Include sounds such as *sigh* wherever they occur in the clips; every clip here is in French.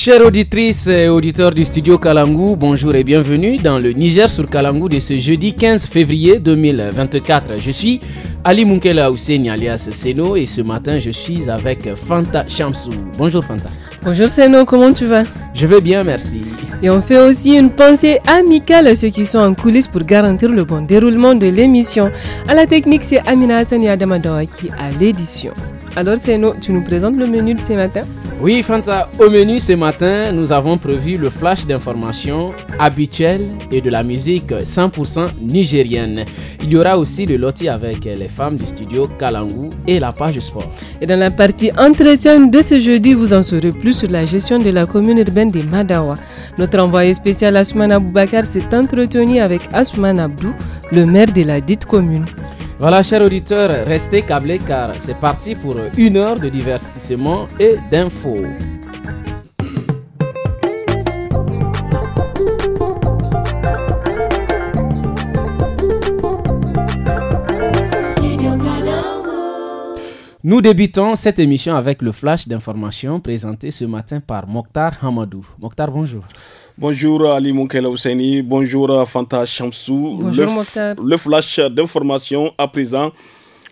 Chères auditrices et auditeurs du studio Kalangou, bonjour et bienvenue dans le Niger sur Kalangou de ce jeudi 15 février 2024. Je suis Ali Moukela Housseni alias Seno et ce matin je suis avec Fanta Chamsou. Bonjour Fanta. Bonjour Seno, comment tu vas Je vais bien, merci. Et on fait aussi une pensée amicale à ceux qui sont en coulisses pour garantir le bon déroulement de l'émission. À la technique, c'est Amina Hassani et qui à l'édition. Alors Seno, tu nous présentes le menu de ce matin Oui Fanta, au menu ce matin, nous avons prévu le flash d'informations habituelles et de la musique 100% nigérienne. Il y aura aussi le loti avec les femmes du studio Kalangu et la page sport. Et dans la partie entretien de ce jeudi, vous en saurez plus sur la gestion de la commune urbaine de Madawa. Notre envoyé spécial Asman Aboubakar s'est entretenu avec Asman Abdou, le maire de la dite commune. Voilà, chers auditeurs, restez câblés car c'est parti pour une heure de divertissement et d'infos. Nous débutons cette émission avec le flash d'information présenté ce matin par Mokhtar Hamadou. Mokhtar, bonjour. Bonjour Ali Moukela Ousseini, bonjour Fanta Chamsou. Bonjour, le, le flash d'information à présent.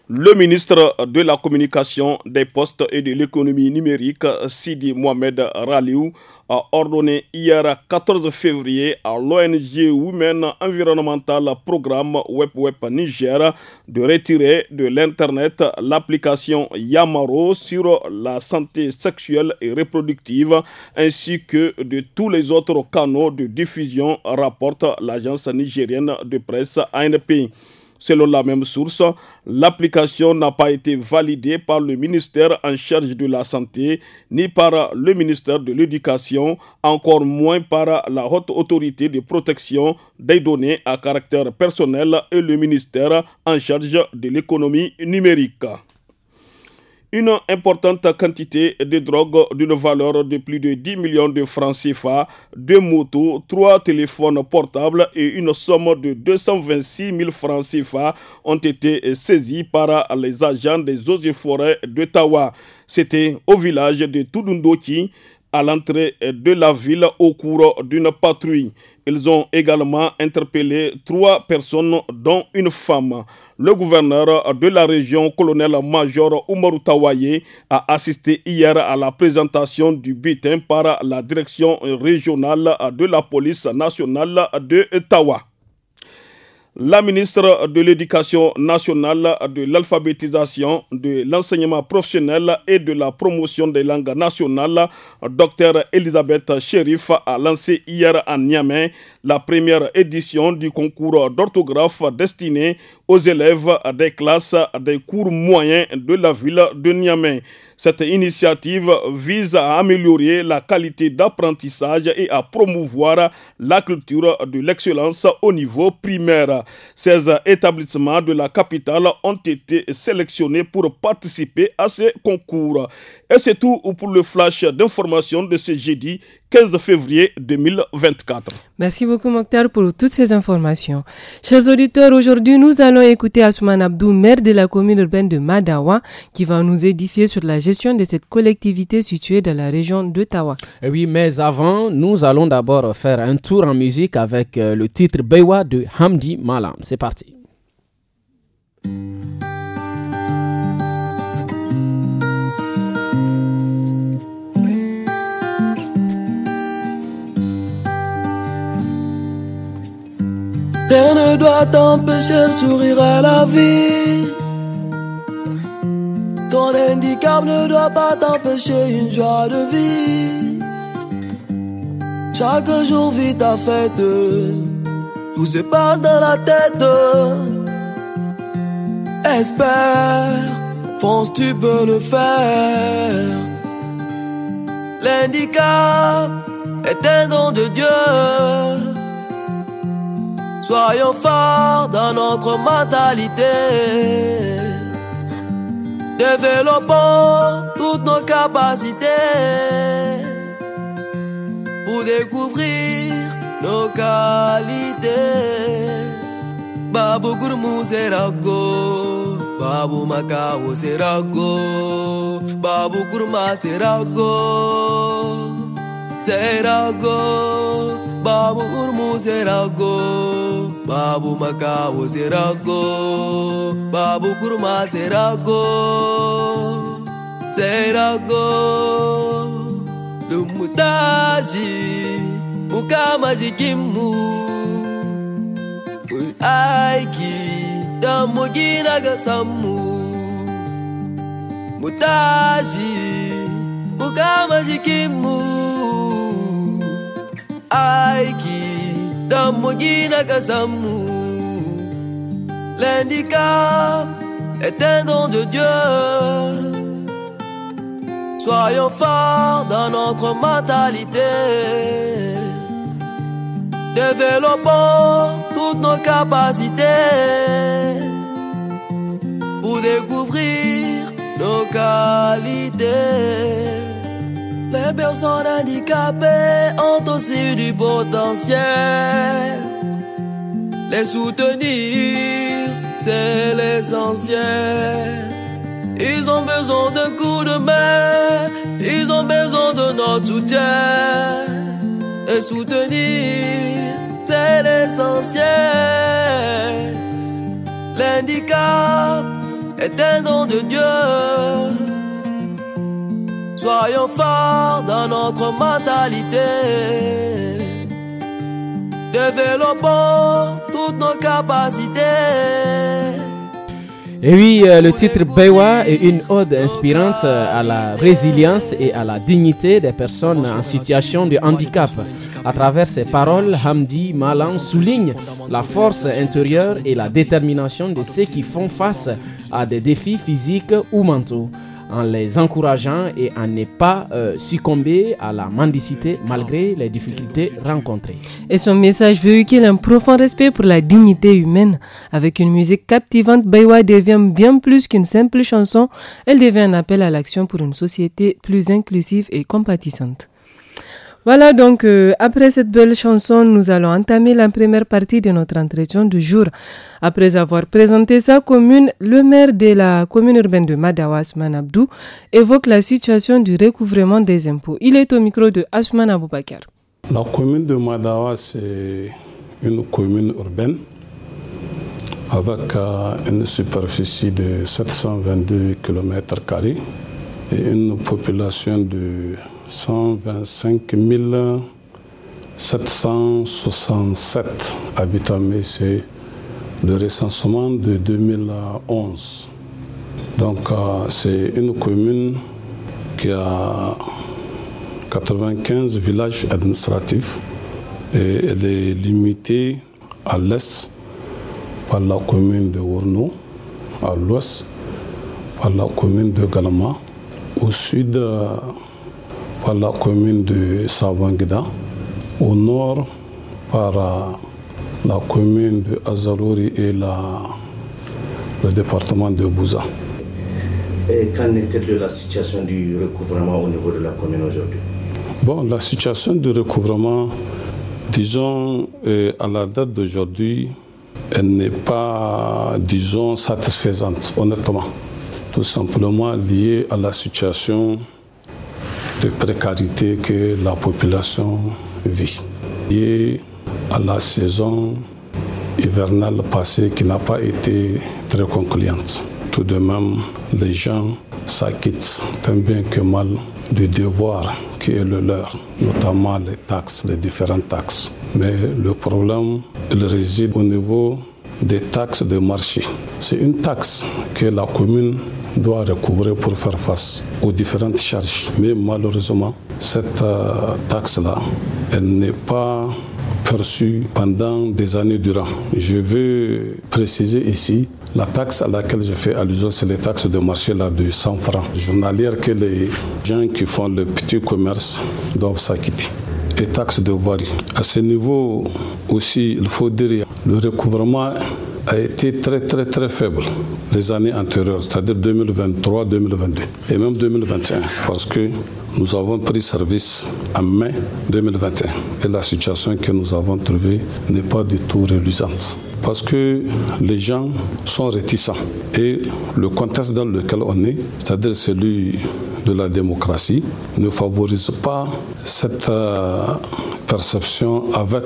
Le ministre de la Communication, des Postes et de l'Économie numérique, Sidi Mohamed Raliou, a ordonné hier 14 février à l'ONG Women Environmental Programme WebWeb Niger de retirer de l'Internet l'application Yamaro sur la santé sexuelle et reproductive ainsi que de tous les autres canaux de diffusion, rapporte l'agence nigérienne de presse ANP. Selon la même source, l'application n'a pas été validée par le ministère en charge de la Santé, ni par le ministère de l'Éducation, encore moins par la Haute Autorité de protection des données à caractère personnel et le ministère en charge de l'économie numérique une importante quantité de drogue d'une valeur de plus de 10 millions de francs CFA, deux motos, trois téléphones portables et une somme de 226 000 francs CFA ont été saisis par les agents des eaux et forêts d'Ottawa. C'était au village de Tudundoki à l'entrée de la ville au cours d'une patrouille. Ils ont également interpellé trois personnes, dont une femme. Le gouverneur de la région, colonel-major Oumarou a assisté hier à la présentation du butin par la direction régionale de la police nationale de Tawa. La ministre de l'Éducation nationale, de l'alphabétisation, de l'enseignement professionnel et de la promotion des langues nationales, Dr Elisabeth Sherif, a lancé hier à Niamey la première édition du concours d'orthographe destiné aux élèves des classes des cours moyens de la ville de Niamey. Cette initiative vise à améliorer la qualité d'apprentissage et à promouvoir la culture de l'excellence au niveau primaire. 16 établissements de la capitale ont été sélectionnés pour participer à ces concours. Et c'est tout pour le flash d'information de ce jeudi 15 février 2024. Merci beaucoup Mokhtar pour toutes ces informations. Chers auditeurs, aujourd'hui nous allons écouter Asuman Abdou, maire de la commune urbaine de Madawa, qui va nous édifier sur la gestion de cette collectivité située dans la région d'Ottawa. Eh oui, mais avant, nous allons d'abord faire un tour en musique avec euh, le titre Bewa de Hamdi Malam. C'est parti. Rien ne doit t'empêcher de sourire à la vie. Ton handicap ne doit pas t'empêcher une joie de vie. Chaque jour vit ta fête, tout se passe dans la tête. Espère, fonce, tu peux le faire. L'handicap est un don de Dieu. Soyons forts dans notre mentalité. Développons toutes nos capacités pour découvrir nos qualités. Babu Gurmu go. Babu sera go. Babu Gurma C'est go. babu urmu serago babu makawo serago babu kurma serago serago lumutaji mukama jikinmu mun aiki don mu gina ga sanmu mu Aïki, damogina Nagasamu l'handicap est un don de Dieu Soyons forts dans notre mentalité. Développons toutes nos capacités pour découvrir nos qualités. Les personnes handicapées ont aussi du potentiel. Les soutenir, c'est l'essentiel. Ils ont besoin d'un coup de main, ils ont besoin de notre soutien. Les soutenir, c'est l'essentiel. L'handicap est un don de Dieu. Soyons forts dans notre mentalité. Développons toutes nos capacités. Et oui, euh, le titre Bewa est une ode inspirante à la résilience et à la dignité des personnes en situation de handicap. À travers ses paroles, Hamdi Malan souligne la force intérieure et la détermination de ceux qui font face à des défis physiques ou mentaux en les encourageant et en ne pas euh, succomber à la mendicité malgré les difficultés rencontrées. Et son message véhicule un profond respect pour la dignité humaine. Avec une musique captivante, Baywa devient bien plus qu'une simple chanson, elle devient un appel à l'action pour une société plus inclusive et compatissante. Voilà donc euh, après cette belle chanson, nous allons entamer la première partie de notre entretien du jour. Après avoir présenté sa commune, le maire de la commune urbaine de Madawa, Asman Abdou, évoque la situation du recouvrement des impôts. Il est au micro de Asman Aboubakar. La commune de Madawa, c'est une commune urbaine avec euh, une superficie de 722 km et une population de 125 767 habitants, mais c'est le recensement de 2011. Donc euh, c'est une commune qui a 95 villages administratifs et elle est limitée à l'est par la commune de Worno, à l'ouest par la commune de Galama, au sud euh, par la commune de Savangida, au nord par euh, la commune de Azarori et le département de Bouza. Et qu'en est-il de la situation du recouvrement au niveau de la commune aujourd'hui Bon, la situation du recouvrement, disons, euh, à la date d'aujourd'hui, elle n'est pas, disons, satisfaisante, honnêtement. Tout simplement liée à la situation de précarité que la population vit. Et à la saison hivernale passée qui n'a pas été très concluante. Tout de même, les gens s'acquittent tant bien que mal du devoir qui est le leur, notamment les taxes, les différentes taxes. Mais le problème, il réside au niveau des taxes de marché. C'est une taxe que la commune doit recouvrer pour faire face aux différentes charges. Mais malheureusement, cette euh, taxe-là, elle n'est pas perçue pendant des années durant. Je veux préciser ici, la taxe à laquelle je fais allusion, c'est les taxes de marché là, de 100 francs journalière que les gens qui font le petit commerce doivent s'acquitter et taxes de voirie. À ce niveau aussi, il faut dire le recouvrement a été très très très faible les années antérieures, c'est-à-dire 2023, 2022 et même 2021, parce que nous avons pris service en mai 2021 et la situation que nous avons trouvée n'est pas du tout reluisante parce que les gens sont réticents. Et le contexte dans lequel on est, c'est-à-dire celui de la démocratie, ne favorise pas cette euh, perception avec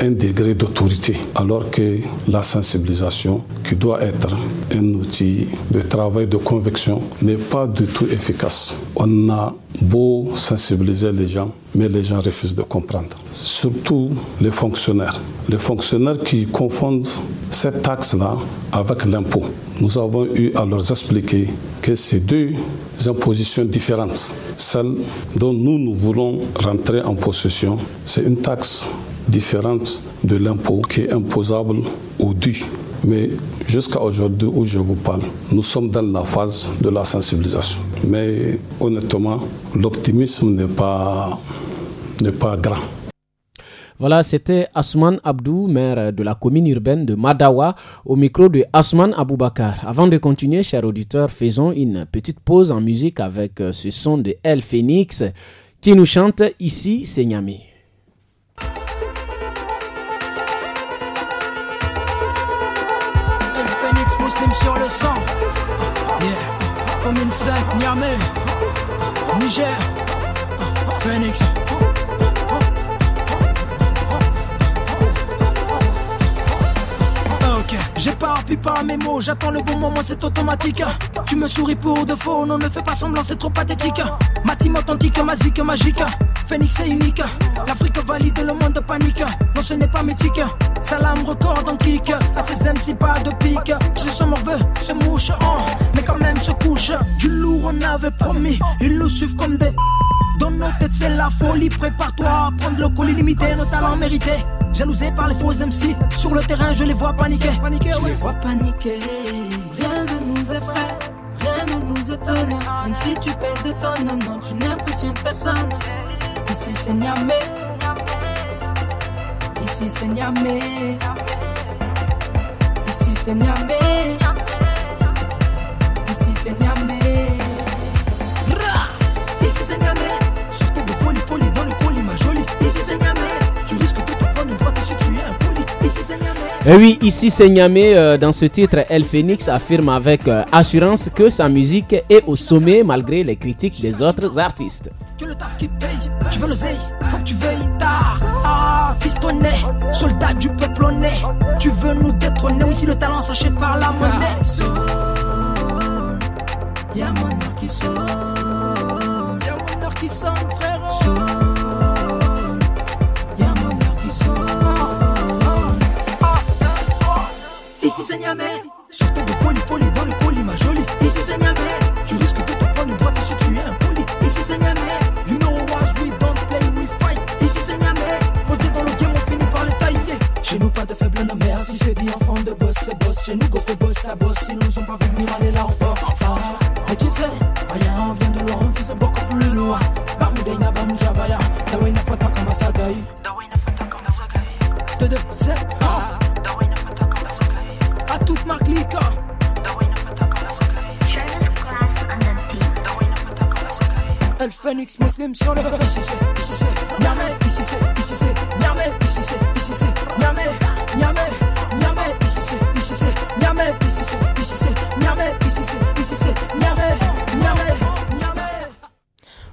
un degré d'autorité, alors que la sensibilisation, qui doit être un outil de travail de conviction, n'est pas du tout efficace. On a beau sensibiliser les gens, mais les gens refusent de comprendre. Surtout les fonctionnaires. Les fonctionnaires qui confondent cette taxe-là avec l'impôt. Nous avons eu à leur expliquer que ces deux impositions différentes, celle dont nous, nous voulons rentrer en possession, c'est une taxe différente de l'impôt qui est imposable ou dû. Mais jusqu'à aujourd'hui où je vous parle, nous sommes dans la phase de la sensibilisation. Mais honnêtement, l'optimisme n'est pas, n'est pas grand. Voilà, c'était Asman Abdou, maire de la commune urbaine de Madawa, au micro de Asman Aboubakar. Avant de continuer, chers auditeurs, faisons une petite pause en musique avec ce son de El Phoenix qui nous chante Ici, c'est Niamey. 2005, Niamey, Niger, Phoenix. J'ai pas mes mots, j'attends le bon moment, c'est automatique. Tu me souris pour de faux, non ne fais pas semblant, c'est trop pathétique. Ma team authentique, magique, magique. Phoenix est unique. L'Afrique valide le monde panique. Non, ce n'est pas mythique. Salam record en kick. À ces MC, pas de pique. Je mon morveux, se mouche, oh, mais quand même se couche. Du lourd, on avait promis. Ils nous suivent comme des. Dans nos têtes, c'est la folie. Prépare-toi à prendre le coup limité, nos talents mérités. Jalousé par les faux MC. Sur le terrain, je les vois paniquer. paniquer je les vois paniquer. Rien ne nous effraie. Rien ne nous étonne. Même si tu pèses des tonnes, non, tu n'impressionnes personne. Ici, c'est Niamé Ici, c'est Niamé Ici, c'est Niamé Ici, c'est Niamé Ici, c'est Niamé Et eh oui, ici c'est Niamé. Euh, dans ce titre, El Phoenix affirme avec euh, assurance que sa musique est au sommet malgré les critiques des autres artistes. Que le taf qui paye, tu veux l'oseille, faut que tu veilles tard. Ah, ah, pistonnet, soldat du peuple honnête. Tu veux nous détrôner, oui, si le talent s'achète par la monnaie. Sors, y'a mon heure qui sort, y'a mon heure qui sort.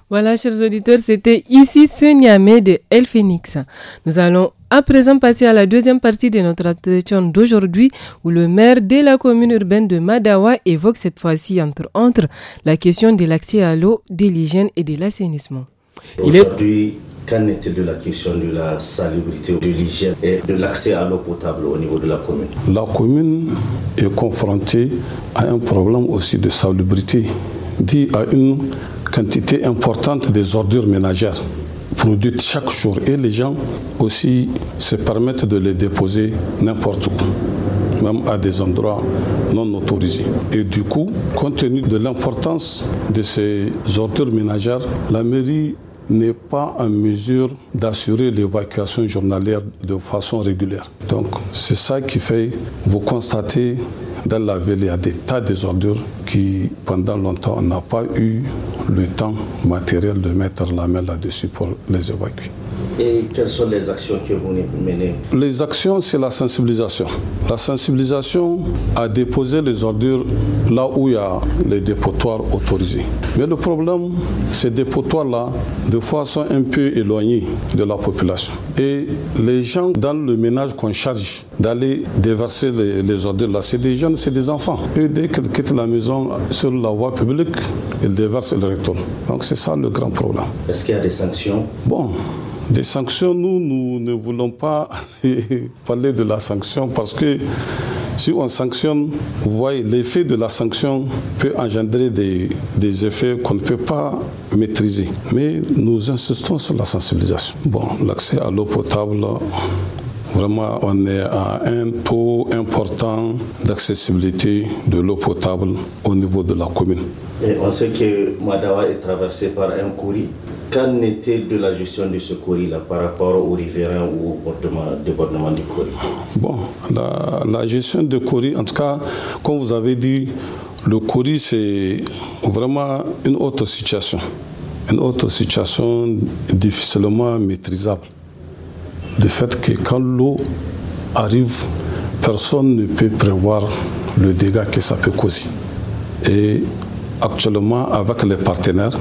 voilà, chers auditeurs, c'était ici ce Niamey de El Phoenix. Nous allons à présent, passons à la deuxième partie de notre attention d'aujourd'hui où le maire de la commune urbaine de Madawa évoque cette fois-ci entre autres la question de l'accès à l'eau, de l'hygiène et de l'assainissement. Aujourd'hui, qu'en est-il de la question de la salubrité, de l'hygiène et de l'accès à l'eau potable au niveau de la commune La commune est confrontée à un problème aussi de salubrité, dit à une quantité importante des ordures ménagères produites chaque jour et les gens aussi se permettent de les déposer n'importe où, même à des endroits non autorisés. Et du coup, compte tenu de l'importance de ces ordures ménagères, la mairie n'est pas en mesure d'assurer l'évacuation journalière de façon régulière. Donc c'est ça qui fait, vous constater. Dans la ville, il y a des tas de ordures qui, pendant longtemps, on n'a pas eu le temps matériel de mettre la main là-dessus pour les évacuer. Et quelles sont les actions que vous mener Les actions, c'est la sensibilisation. La sensibilisation à déposer les ordures là où il y a les dépotoirs autorisés. Mais le problème, ces dépotoirs-là, des fois, sont un peu éloignés de la population. Et les gens dans le ménage qu'on charge d'aller déverser les, ordures là, c'est des jeunes, c'est des enfants. Et dès qu'ils quittent la maison sur la voie publique, ils déversent et ils retournent. Donc c'est ça le grand problème. Est-ce qu'il y a des sanctions Bon, des sanctions, nous, nous ne voulons pas *laughs* parler de la sanction parce que si on sanctionne, vous voyez, l'effet de la sanction peut engendrer des, effets qu'on ne peut pas maîtriser. Mais nous insistons sur la sensibilisation. Bon, l'accès à l'eau potable, vraiment, on est à un taux important d'accessibilité de l'eau potable au niveau de la commune. Et on sait que Madawa est traversée par un courrier Qu'en est de la gestion de ce courrier là par rapport au riverains ou au débordement du courrier Bon, la, gestion de courrier, en tout cas, comme vous avez dit, le courrier c'est vraiment une autre situation. Une autre situation difficilement maîtrisable. Le fait que quand l'eau arrive, personne ne peut prévoir le dégât que ça peut causer. Et actuellement, avec les partenaires,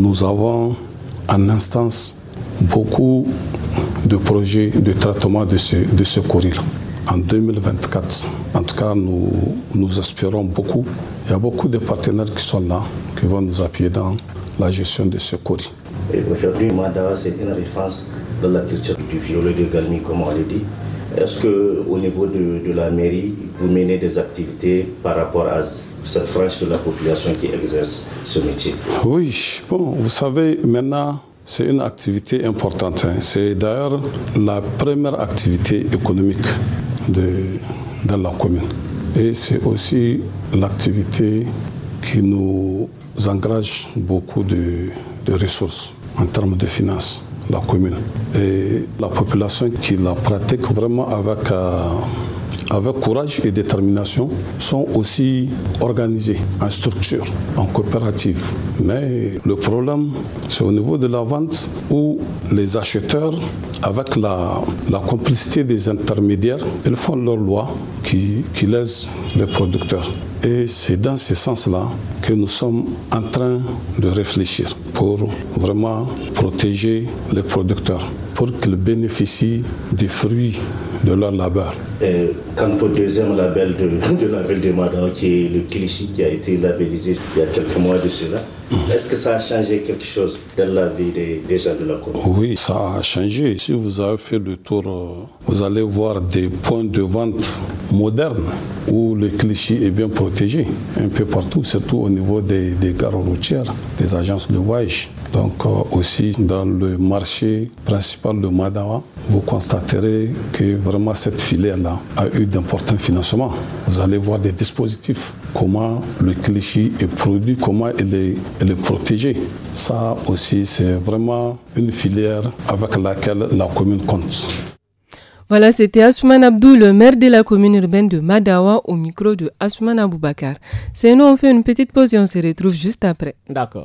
nous avons en instance beaucoup de projets de traitement de ce, de ce courrier. En 2024, en tout cas, nous, nous aspirons beaucoup. Il y a beaucoup de partenaires qui sont là, qui vont nous appuyer dans la gestion de ce courrier. aujourd'hui, Madawa c'est une référence dans la culture du violet de Galmi, comme on l'a dit. Est-ce que au niveau de, la mairie, vous menez des activités par rapport à cette frange de la population qui exerce ce métier Oui, bon, vous savez, maintenant, c'est une activité importante. Hein. C'est d'ailleurs la première activité économique de, dans la commune. Et c'est aussi l'activité qui nous engage beaucoup de ressources en termes de finances la commune. Et la population qui la pratique vraiment avec, euh, avec courage et détermination sont aussi organisées en structure, en coopérative. Mais le problème, c'est au niveau de la vente où les acheteurs, avec la, complicité des intermédiaires, ils font leur loi qui, qui les producteurs. Et c'est dans ce sens-là que nous sommes en train de réfléchir pour vraiment protéger les producteurs, pour qu'ils bénéficient des fruits de leur labeur. Et quant au deuxième label de, *laughs* de la ville de Madao, qui est le Clichy, qui a été labellisé il y a quelques mois de cela, Mmh. Est-ce que ça a changé quelque chose dans la vie des, gens de la commune Oui, ça a changé. Si vous avez fait le tour, euh, vous allez voir des points de vente modernes où le cliché est bien protégé, un peu partout, surtout au niveau des, des gares routières, des agences de voyage. Donc aussi dans le marché principal de Madawa, vous constaterez que vraiment cette filière-là a eu d'importants financements. Vous allez voir des dispositifs, comment le cliché est produit, comment il est, protégé. Ça aussi, c'est vraiment une filière avec laquelle la commune compte. Voilà, c'était Asman Abdou, le maire de la commune urbaine de Madawa, au micro de Asuman Aboubakar. C'est nous, on fait une petite pause et on se retrouve juste après. D'accord.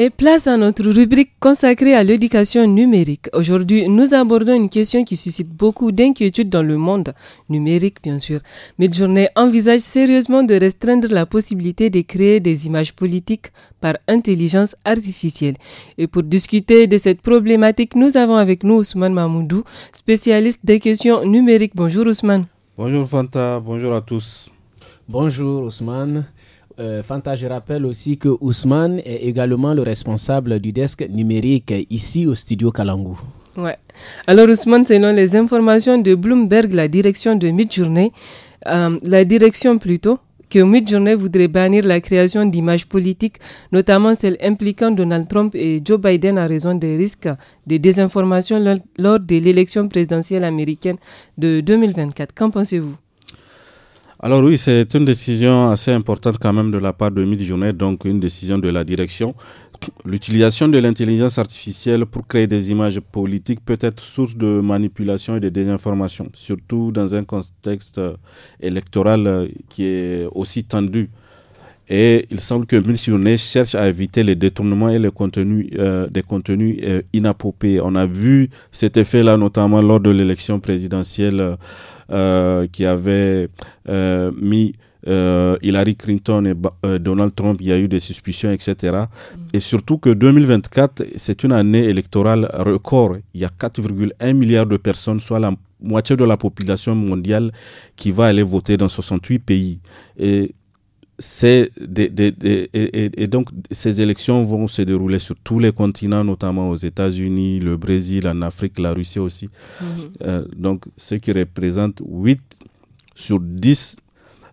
Et place à notre rubrique consacrée à l'éducation numérique. Aujourd'hui, nous abordons une question qui suscite beaucoup d'inquiétudes dans le monde numérique, bien sûr. Midjourney envisage sérieusement de restreindre la possibilité de créer des images politiques par intelligence artificielle. Et pour discuter de cette problématique, nous avons avec nous Ousmane Mamoudou, spécialiste des questions numériques. Bonjour Ousmane. Bonjour Fanta, bonjour à tous. Bonjour Ousmane. Euh, Fanta, je rappelle aussi que Ousmane est également le responsable du desk numérique ici au studio Kalangou. Ouais. Alors Ousmane, selon les informations de Bloomberg, la direction de Midjourney, euh, la direction plutôt, que Midjourney voudrait bannir la création d'images politiques, notamment celles impliquant Donald Trump et Joe Biden à raison des risques de désinformation lors de l'élection présidentielle américaine de 2024. Qu'en pensez-vous alors oui, c'est une décision assez importante quand même de la part de Midjourney, donc une décision de la direction. L'utilisation de l'intelligence artificielle pour créer des images politiques peut être source de manipulation et de désinformation, surtout dans un contexte euh, électoral euh, qui est aussi tendu. Et il semble que Midjourney cherche à éviter les détournements et les contenus, euh, des contenus inappropriés. On a vu cet effet-là notamment lors de l'élection présidentielle. Euh, qui avait euh, mis euh, Hillary Clinton et Donald Trump, il y a eu des suspicions, etc. Mm. Et surtout que 2024, c'est une année électorale record. Il y a 4,1 milliards de personnes, soit la moitié de la population mondiale, qui va aller voter dans 68 pays. Et c'est des, des, et, donc ces élections vont se dérouler sur tous les continents, notamment aux États-Unis, le Brésil, en Afrique, la Russie aussi. Mhm. Euh, donc ce qui représente 8 sur 10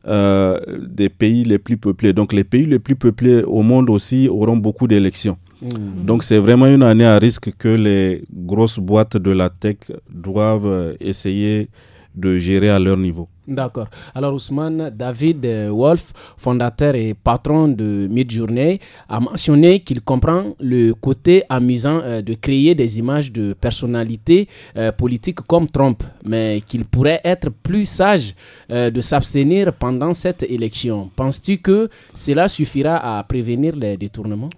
euh, des pays les plus peuplés. Donc les pays les plus peuplés au monde aussi auront beaucoup d'élections. Mhm. Donc c'est vraiment une année à risque que les grosses boîtes de la tech doivent euh, essayer de gérer à leur niveau. D'accord. Alors Ousmane, David euh, Wolf, fondateur et patron de Midjourney, a mentionné qu'il comprend le côté amusant euh, de créer des images de personnalités euh, politiques comme Trump, mais qu'il pourrait être plus sage de s'abstenir pendant cette élection. Penses-tu que cela suffira à prévenir les détournements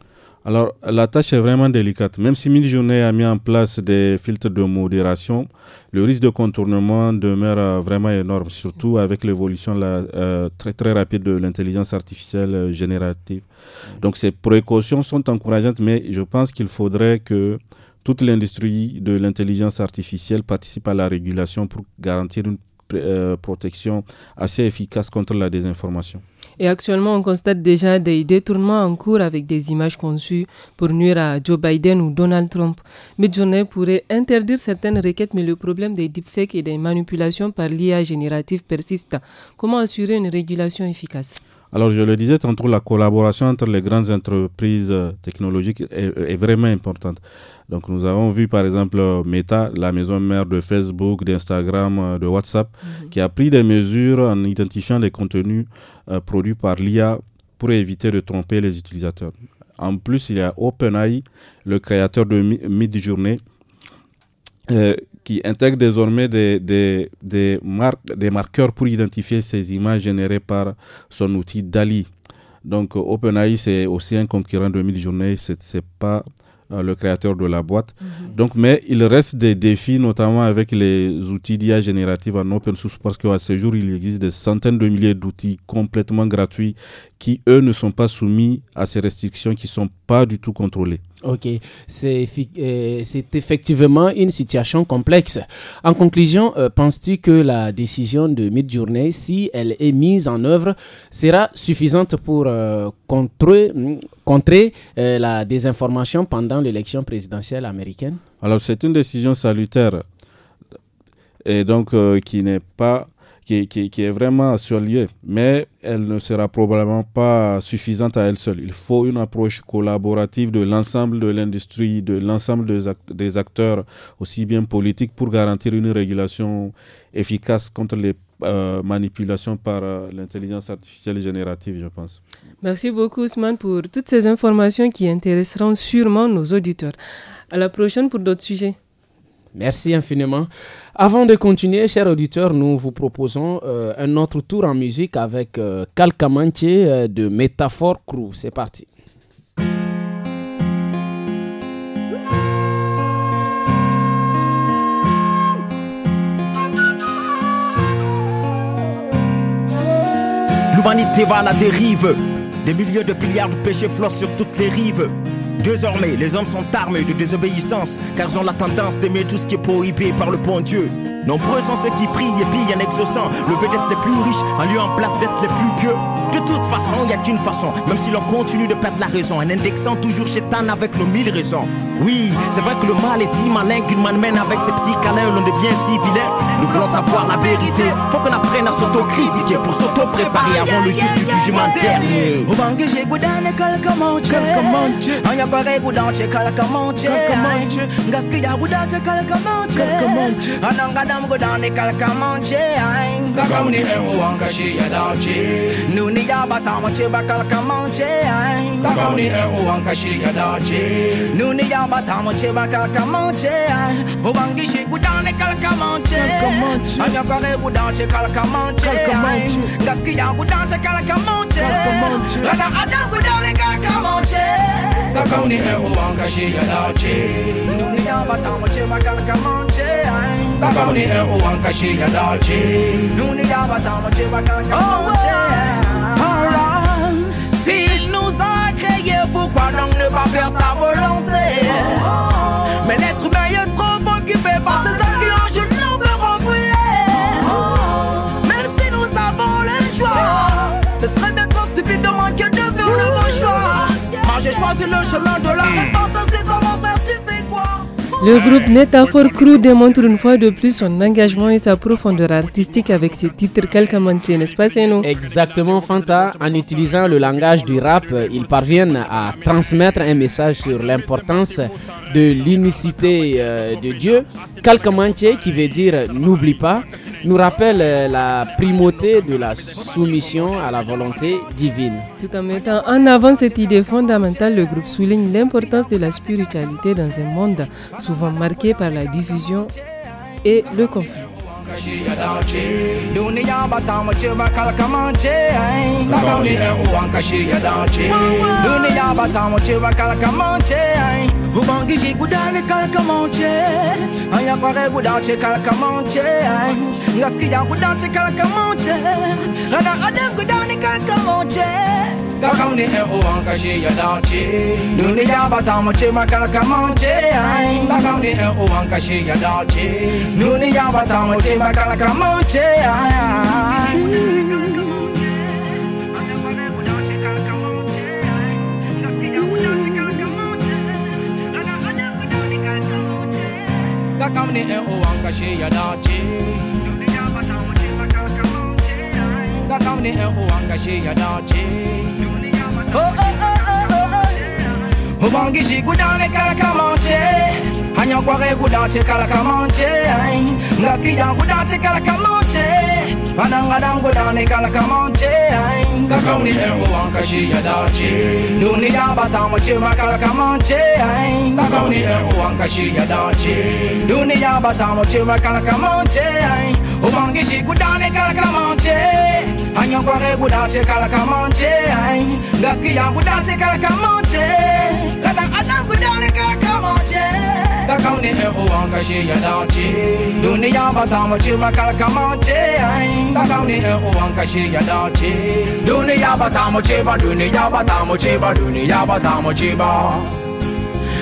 alors, la tâche est vraiment délicate. Même si Mini journée a mis en place des filtres de modération, le risque de contournement demeure euh, vraiment énorme, surtout avec l'évolution euh, très, très rapide de l'intelligence artificielle euh, générative. Donc, ces précautions sont encourageantes, mais je pense qu'il faudrait que toute l'industrie de l'intelligence artificielle participe à la régulation pour garantir une euh, protection assez efficace contre la désinformation. Et actuellement, on constate déjà des détournements en cours avec des images conçues pour nuire à Joe Biden ou Donald Trump. Midjourney pourrait interdire certaines requêtes, mais le problème des deepfakes et des manipulations par l'IA générative persiste. Comment assurer une régulation efficace alors, je le disais tantôt, la collaboration entre les grandes entreprises technologiques est, vraiment importante. Donc, nous avons vu, par exemple, Meta, la maison mère de Facebook, d'Instagram, de WhatsApp, mhm. qui a pris des mesures en identifiant les contenus euh, produits par l'IA pour éviter de tromper les utilisateurs. En plus, il y a OpenAI, le créateur de Midjourney, euh, qui intègre désormais des, des, des, des marqueurs pour identifier ces images générées par son outil DALI. Donc euh, OpenAI, c'est aussi un concurrent de 1000 journées, c'est pas euh, le créateur de la boîte. Mhm. Donc, mais il reste des défis, notamment avec les outils d'IA générative en open source, parce qu'à ce jour, il existe des centaines de milliers d'outils complètement gratuits qui, eux, ne sont pas soumis à ces restrictions qui ne sont pas du tout contrôlées. Ok, c'est euh, c'est effectivement une situation complexe. En conclusion, euh, penses-tu que la décision de midi-journée, si elle est mise en œuvre, sera suffisante pour euh, contrer, hmm, contrer la désinformation pendant l'élection présidentielle américaine Alors, c'est une décision salutaire et donc qui n'est pas qui, qui, est vraiment lieu mais elle ne sera probablement pas suffisante à elle seule. Il faut une approche collaborative de l'ensemble de l'industrie, de l'ensemble des acteurs, aussi bien politiques, pour garantir une régulation efficace contre les euh, manipulations par euh, l'intelligence artificielle générative, je pense. Merci beaucoup, Ousmane, pour toutes ces informations qui intéresseront sûrement nos auditeurs. À la prochaine pour d'autres sujets. Merci infiniment. Avant de continuer, chers auditeurs, nous vous proposons euh, un autre tour en musique avec euh, euh, de Métaphore Crew. C'est parti. L'humanité va à la dérive. Des milliers de milliards de péchés flottent sur toutes les rives. Désormais, les hommes sont armés de désobéissance, car ils ont la tendance d'aimer tout ce qui est prohibé par le bon Dieu. Nombreux sont ceux qui prient et pillent en exaucant le d'être les plus riches, en lieu en place d'être les plus pieux. De toute façon, il y a qu'une façon, même si l'on continue de perdre la raison, en indexant toujours chez Tan avec nos mille raisons. Oui, c'est vrai que le mal est si malin qu'une mène avec ses petits canins l'on devient si vilain. Nous voulons savoir la vérité, faut qu'on apprenne à s'auto-critiquer pour s'auto-préparer avant le jour du jugement dernier. I'm go down the calcamonche I'm Kakoni emu wankashi yadachi Nuni yabata mochi bakalcamonche I'm Kakoni emu wankashi yadachi Nuni ya yabata mochi bakalcamonche I'm Ubangishi go down the calcamonche I'm yakare go down the calcamonche Gaski ya go down the calcamonche Rada adam go down the calcamonche Takoni ewo wanga shi ya dace Nuni ya bata mace magana kamance Takoni ewo wanga shi ya dace Nuni ya bata mace magana kamance Para Si nous a créé pourquoi donc ne pas faire sa volonté oh, oh. Mais l'être humain est trop occupé par ses Le groupe Netafor Crew démontre une fois de plus son engagement et sa profondeur artistique avec ses titres mentiers, n'est-ce pas Seno Exactement Fanta, en utilisant le langage du rap, ils parviennent à transmettre un message sur l'importance de l'unicité euh, de Dieu. mentiers qui veut dire n'oublie pas, nous rappelle euh, la primauté de la soumission à la volonté divine. Tout en mettant en avant cette idée fondamentale, le groupe souligne l'importance de la spiritualité dans un monde souvent marqué par la division et le conflit. Dunia batama chiba kalakamanche Lagoni e uwanka shia danche Dunia batama chiba kalakamanche Ubangi ji gudale kalakamanche Aya kware gudache kalakamanche Ngaski ya gudache kalakamanche Rada adem gudane kalakamanche Gakauni e uwanka she ya dace Nuni ya bata mace makar kamar ce yayin Gakauni e uwanka shi ya dace Nuni ya bata mace makar kamar ce yayin Gakamni e uwanka shi ya dace Gakamni e uwanka shi ya dace Oh, oh, oh, ubangishi kudane kala kamanche anyakware kudache kala kamanche ngakida kudache kala kamanche anangadang kudane kala kamanche ngakauni embo wankashi yadache nuni yabata machema kala kamanche ngakauni embo wankashi yadache nuni yabata machema kala kamanche ubangishike kudanikala kamonje anyokware kudatekala kamonje ngaskiya kudatekala kamonje kadang adam kudanikala kamonje kakaune ebuwanga shiyadache duniya batama chimakala kamonje kakaune ebuwanga shiyadache duniya batamo chiba ba, batamo chiba duniya batamo chiba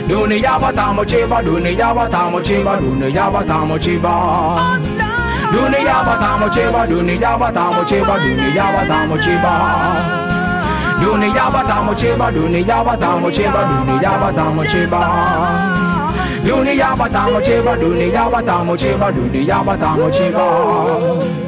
Duniya batamo chiba, duniya batamo chiba, duniya batamo chiba. Oh, no. Duniyaba batamo cheba, dunia batamo cheba, Duniyaba batamo cheba. Dunia batamo cheba, Duniyaba batamo cheba, dunia batamo cheba. Dunia batamo cheba, dunia batamo cheba, dunia batamo cheba.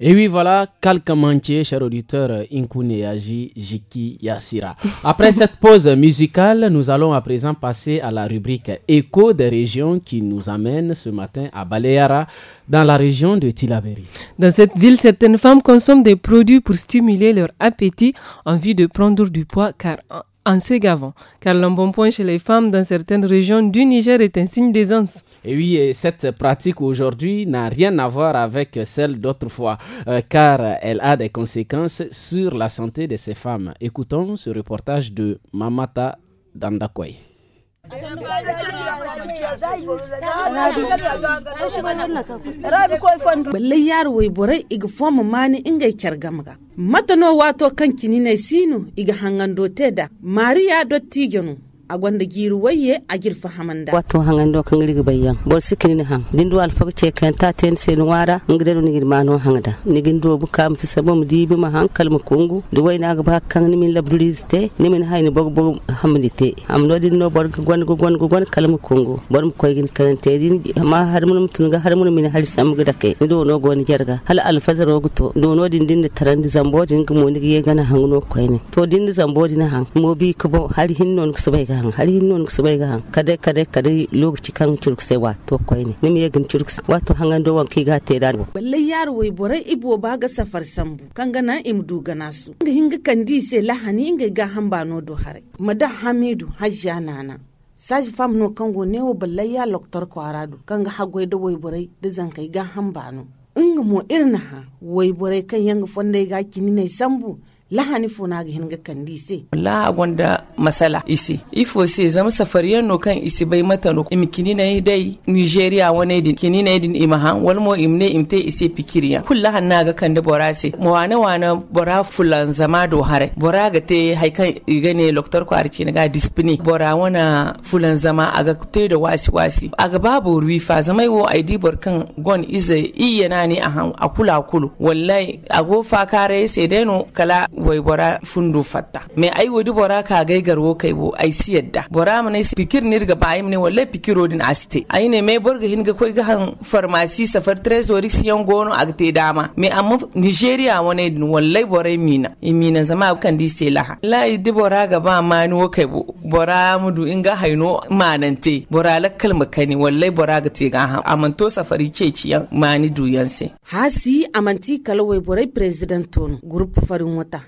Et oui, voilà, Calcamantier, cher auditeur, Aji, Jiki, Yasira. Après cette pause musicale, nous allons à présent passer à la rubrique Écho des régions qui nous amène ce matin à Baleara, dans la région de Tilaberi. Dans cette ville, certaines femmes consomment des produits pour stimuler leur appétit en vue de prendre du poids car en se gavant, car l'embonpoint chez les femmes dans certaines régions du Niger est un signe d'aisance. Et oui, cette pratique aujourd'hui n'a rien à voir avec celle d'autrefois, euh, car elle a des conséquences sur la santé de ces femmes. Écoutons ce reportage de Mamata Dandakoy. ballai yaro wai borai iga foma mani inga kyar gamga matano wato kankini na sinu iga hangando teda maria dottigenu a gwanda giru waye a girfa hamanda wato hangan do kan riga bayan bol sikini ne han dindu al fog ce kan ta ten se no wara ngida do nigir mano hangada nigin do bu kam sabo mu dibi ma hankal mu kungu do wai ga ba kan ni min labdulis te ni min hayni bog bog am do din no bor ga gwan gwan gwan kal mu kungu bor mu koy gin kan te din ma har mun mutun ga har mun min har sam ga dake no gon jarga hal al fazar wogto do no din din da taran zambo din ga mo ni gana hangno koy ne to din di zambo hang. Mobi mo bi ko har hin ko han har non kade kade kade lokaci kan turkse wa to koi ne ne yegin to hangan wanki ga te ba safar sambu kan na imdu ganasu. su ga hinga kan se lahani inga ga hamba no do hare hamidu hajja nana saji fam no kango neo wo balle ya loktor kwarado kan ga hagoi da wai borai ga hamba no inga mo irna ha kan yanga fonde ga kinine sambu lahani fona ga hinga kandi se la gonda masala isi ifo se zama safariyar no kan isi bai mata no imkini na dai nigeria wane din kini ne din imaha wal mo imne imte isi pikiriya kullu hanna ga kan borase se mo wana wana bora fulan zama do hare bora ga te kan igane doctor ko arci ga dispini bora wana fulan zama aga te da wasi wasi aga babu fa zama wo id bor kan gon ize iyana ne a han akula kulu wallahi fa kare sai dai no kala wai bora fundo fatta me ai wodi bora ka gai garwo kai bo ai si yadda bora mu ne fikir ne daga bayi ne wallahi fikiro din asite ai ne me borga hin ga koi ga han farmasi safar trezori siyan gono agte dama me amma nigeria wani din wallahi bora mina imina zama kan di laha lai di bora ga ba ma ni wo kai bo bora mu du inga haino manante bora la kalma kani wallahi bora ga te ga han amanto safari ce ciyan mani duyanse hasi amanti kalawai bora president ton grup farin wata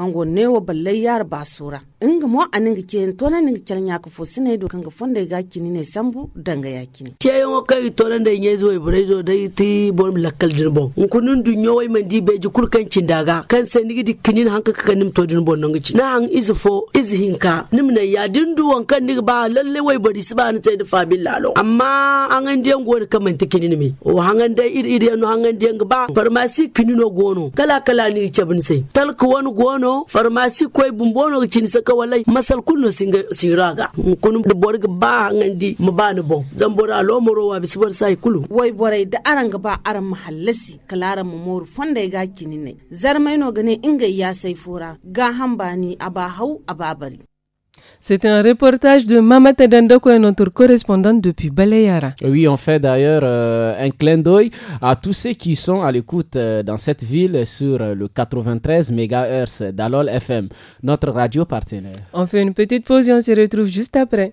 kango wa balle yar basura inga mo aninga ke tona ninga kelnya ka fo sine do kanga fonde ga kini ne sambu danga ya kini ce yo kai tona da nyezo e brezo da ti bon lakkal dirbo du dunyo wai mandi beji kurkan cindaga kan di kinin hanka ka nim to dirbo nanga ci na han izu fo izu hinka ne ya dindu kan ni ba lalle wai bari su ba ni sai da fabil lalo amma an an diyan gona kaman tikinin ne o an dai iri iri an hangan diyan ba farmasi kinino gono kala kala ni cebin sai talku wani gono kuno farmasi koy bumbono cin saka walai masal kuno singa siraga kunu da borga ba hangandi bo zan bora lo moro wa bisibar sai kulu wai borai da aranga ba aran mahallasi kalaran mu moru fonda ga kinin ne zarmaino gane inga ya sai fura ga hambani aba hau aba bari C'était un reportage de Mamata un notre correspondante depuis Baleyara. Oui, on fait d'ailleurs euh, un clin d'œil à tous ceux qui sont à l'écoute euh, dans cette ville sur euh, le 93 MHz d'Alol FM, notre radio partenaire. On fait une petite pause et on se retrouve juste après.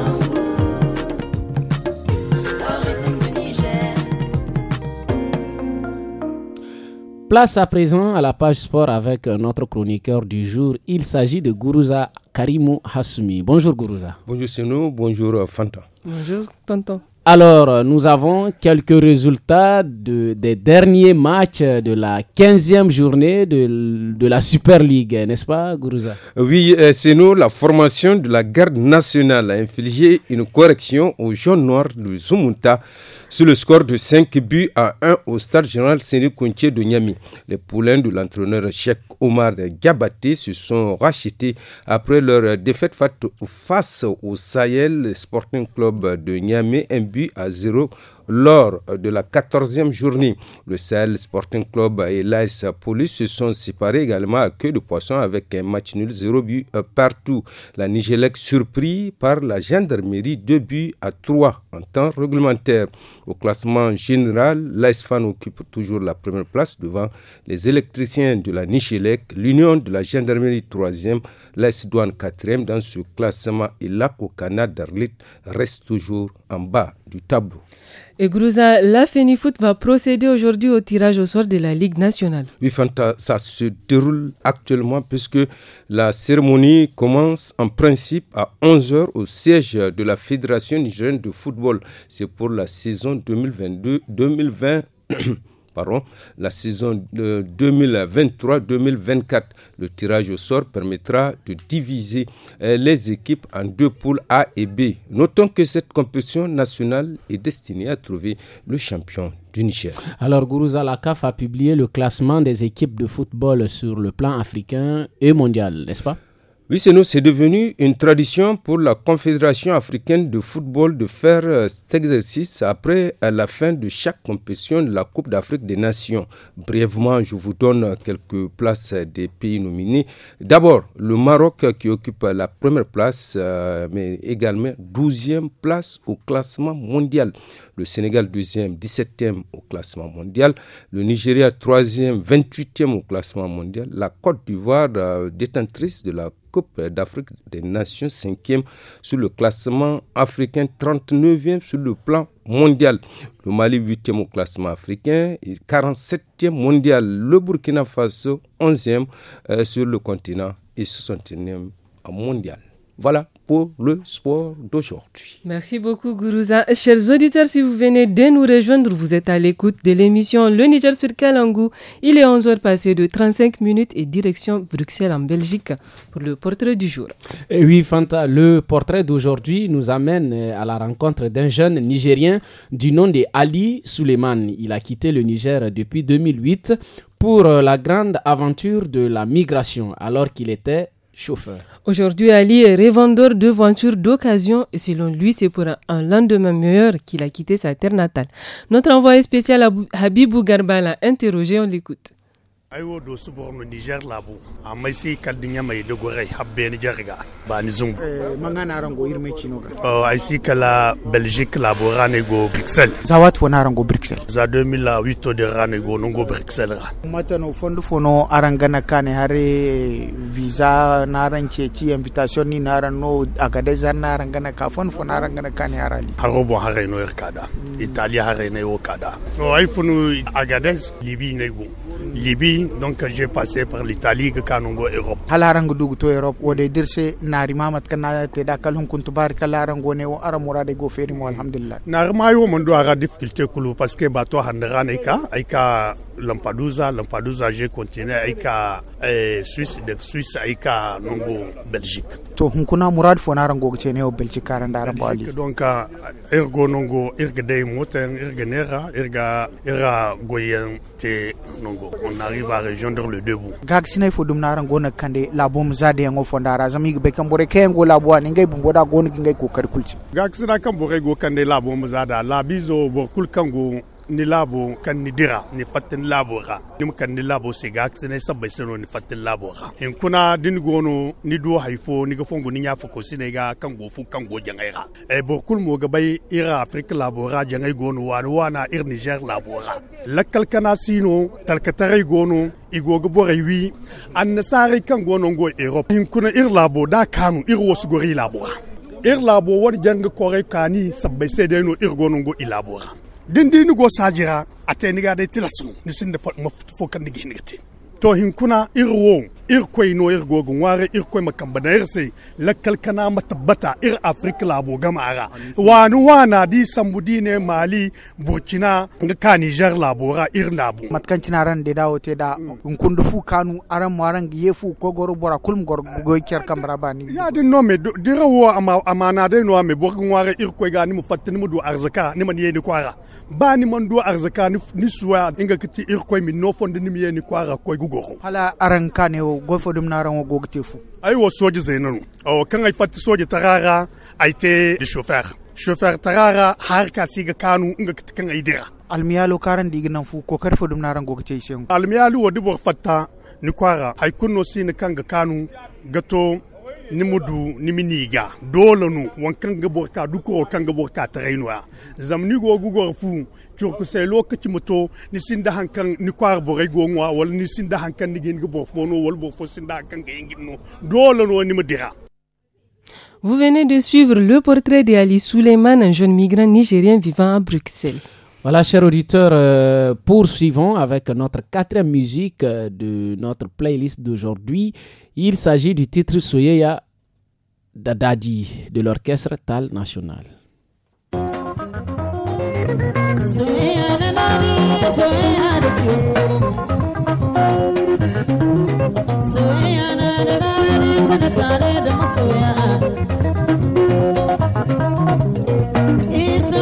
Place à présent à la page sport avec euh, notre chroniqueur du jour. Il s'agit de Gourouza Karimou Hassoumi. Bonjour Gourouza. Bonjour Ceno, bonjour euh, Fanta. Bonjour Tonton. Alors, euh, nous avons quelques résultats des derniers matchs de la 15e journée de, la Super League, n'est-ce pas, Gourouza Oui, c'est la formation de la garde nationale a infligé une correction aux jeunes noirs de Zumunta sur le score de 5 buts à 1 au stade général luc Contier de Niamey. Les poulains de l'entraîneur Cheikh Omar Gabaté se sont rachetés après leur défaite face au Sahel Sporting Club de Niamey, un but à 0 lors de la quatorzième journée, le Sahel Sporting Club et l'AS Police se sont séparés également à queue de poisson avec un match nul 0 but euh, partout. La Nigélec surpris par la gendarmerie 2 buts à 3 en temps réglementaire. Au classement général, Fan occupe toujours la première place devant les électriciens de la Nigélec, l'Union de la gendarmerie 3e, l'AS Douane quatrième dans ce classement et Canada d'Arlit reste toujours en bas du tableau. Et Grouza, la FENIFOOT va procéder aujourd'hui au tirage au sort de la Ligue nationale. Oui, Fanta, ça se déroule actuellement puisque la cérémonie commence en principe à 11h au siège de la Fédération nigérienne de football. C'est pour la saison 2022-2020 la saison 2023-2024. Le tirage au sort permettra de diviser euh, les équipes en deux poules A et B. Notons que cette compétition nationale est destinée à trouver le champion du Niger. Alors, Gourouza, la a publié le classement des équipes de football sur le plan africain et mondial, n'est-ce pas oui, c'est nous, c'est devenu une tradition pour la Confédération africaine de football de faire euh, cet exercice après la fin de chaque compétition de la Coupe d'Afrique des Nations. Brièvement, je vous donne quelques places des pays nominés. D'abord, le Maroc qui occupe la première place, euh, mais également 12e place au classement mondial. Le Sénégal 2e, 17e au classement mondial. Le Nigeria 3e, 28e au classement mondial. La Côte d'Ivoire, euh, détentrice de la Coupe d'Afrique des Nations, 5e sur le classement africain, 39e sur le plan mondial. Le Mali, 8e au classement africain, et 47e mondial. Le Burkina Faso, 11e euh, sur le continent et 61e mondial. Voilà pour le sport d'aujourd'hui. Merci beaucoup, Gourouza. Chers auditeurs, si vous venez de nous rejoindre, vous êtes à l'écoute de l'émission Le Niger sur Kalangou. Il est 11h passé de 35 minutes et direction Bruxelles en Belgique pour le portrait du jour. oui, Fanta, le portrait d'aujourd'hui nous amène euh, à la rencontre d'un jeune Nigérien du nom de Ali Suleiman. Il a quitté le Niger depuis 2008 pour euh, la grande aventure de la migration alors qu'il était Aujourd'hui, Ali est revendeur de voitures d'occasion et selon lui, c'est pour un lendemain meilleur qu'il a quitté sa terre natale. Notre envoyé spécial Habibou Garbala, interrogé, on l'écoute. aiwo do su borno niger labu amma sai kaldinya mai dogorai habbe ni jarga ba ni zungu eh mangana rango irme chino ga oh ai sai kala belgique labu rane go bruxelles za wat wona rango bruxelles za 2008 de rane go non go bruxelles ra mata no fondo fono arangana kane hare visa na ranche ci invitation ni na rano agade za na arangana ka fon fono arangana kane harali harobo hare no erkada italia hare ne o kada oh ai funu agades libi ne go libi donc j'ai passé par l'Italie que go Europe. dugu to Europe wode dirse nari mamat kana te da kuntu bar en ara murade go feri mo alhamdulillah. Nari mon do ara difficulté kulu parce que bato Lampedusa, lamfaduza je kontine aika swiss da swiss aika nongo belgique to hunkuna murad fo na rango ce ne o belgique ka karan daran bali donc ah, ergo nongo irga dai moten irga nera irga era goyen te nongo on arrive à rejoindre le debout gag sina fo dum na rango na kande la bom zade yango ndara zami be kambore kengo la bwa ngai bumbo da gona ngai kokari kulci gag sina kambore go kande la bom zada la bizo bo kul kango ni labo kan ni dira ni fatin labo ga ni kan ni labo se ga sene sabai sino ni fatin labo ga en kuna din gono ni do haifo ni ga fongo ni nya fuko sine ga kan go fu kan go jangai ga e bo kul mo ga bay ira afrika labo ga jangai gono wa wana ir niger labo ga kanasino, kana sino tare gono rewi an na sari kan gono go europe en kuna ir labo da kanu ir su gori labo ir labo jang ko re kani sabbe sai no ir gono go dindini go sajira ate niga de tilasmu nisin de fo kan nigi to hinkuna irwo irkwai no ir gogun ware irkwai makambana irse la kalkana matabata ir afrika labo gamara wani wana di sambudi ne mali burkina ka niger ra ir labu matkanci na ran da dawo te da kundu fu kanu aran maran ye fu ko goro bora kulm gor ah. goykiyar kamra bani ya din no me dira wo amana de no me borgun ware irkwai ga ni mu fatin mu do arzaka ni man ye ni kwara bani man do arzaka ni suwa inga kiti irkwai min no fondi ni mi ye ni kwara ko gugoro hala aran kanewo gofo dum na ran Oh, wo soji o tarara aite te le chauffeur chauffeur tarara har ka siga kanu inga kan ai dira almiyalu karan dignan fu ko karfo dum na ran gogte shen wodi fatta ni kwara ay kunno kan ga kanu gato Nimudu, mudu ni miniga dole nu wankan ga borka duko kan ga borka noir. zamni fu vous venez de suivre le portrait d'Ali Souleyman, un jeune migrant nigérien vivant à Bruxelles. Voilà, chers auditeurs, euh, poursuivons avec notre quatrième musique euh, de notre playlist d'aujourd'hui. Il s'agit du titre Soyeya Dadadi de l'orchestre Tal National. soyayya da daɗi iso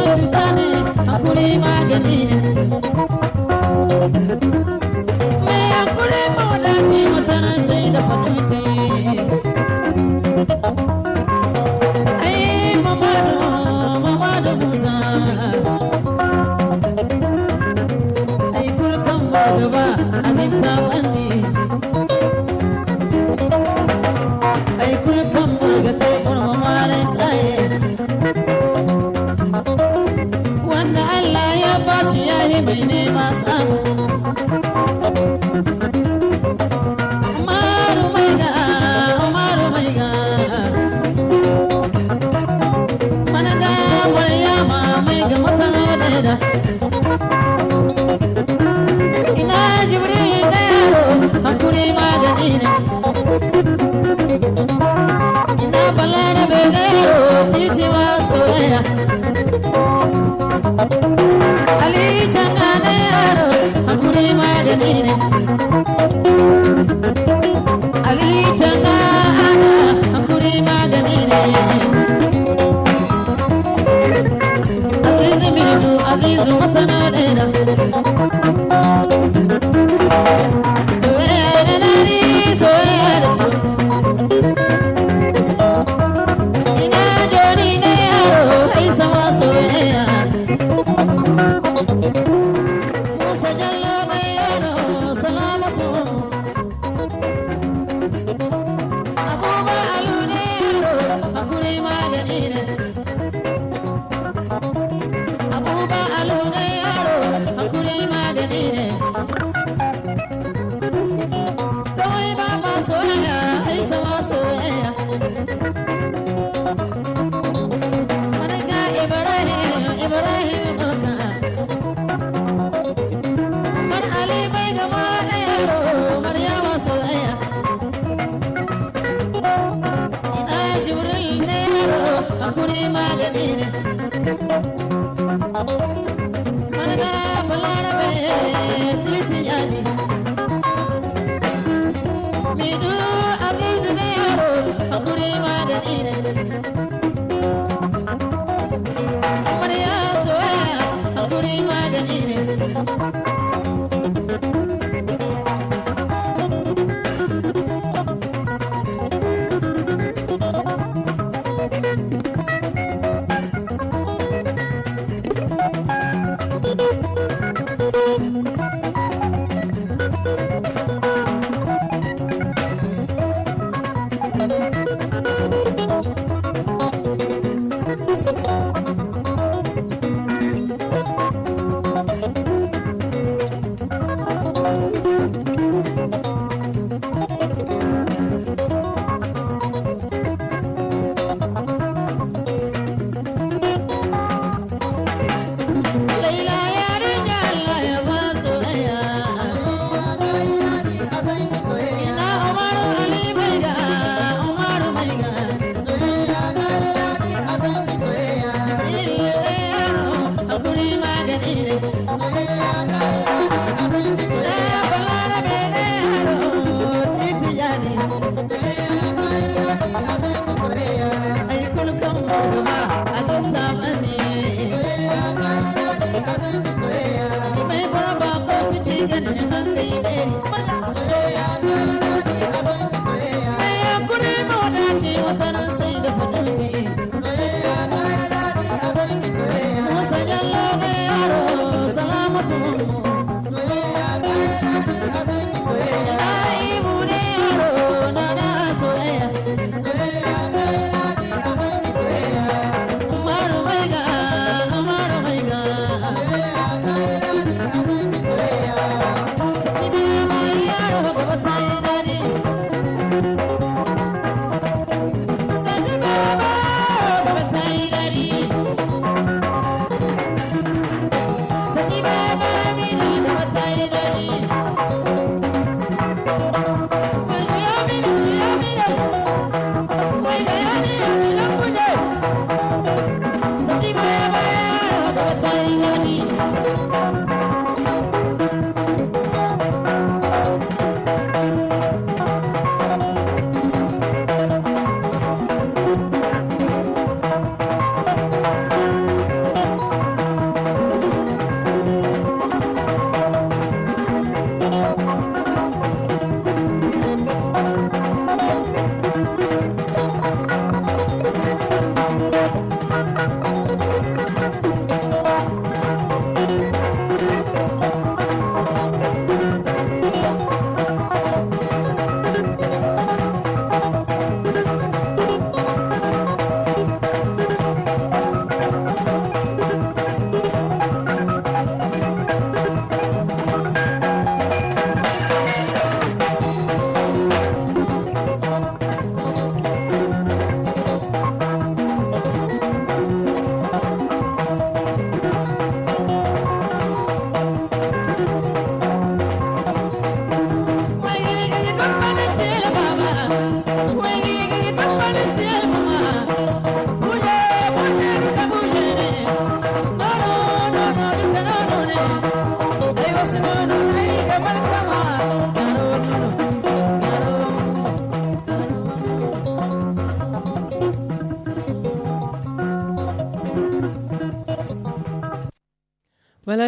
Alita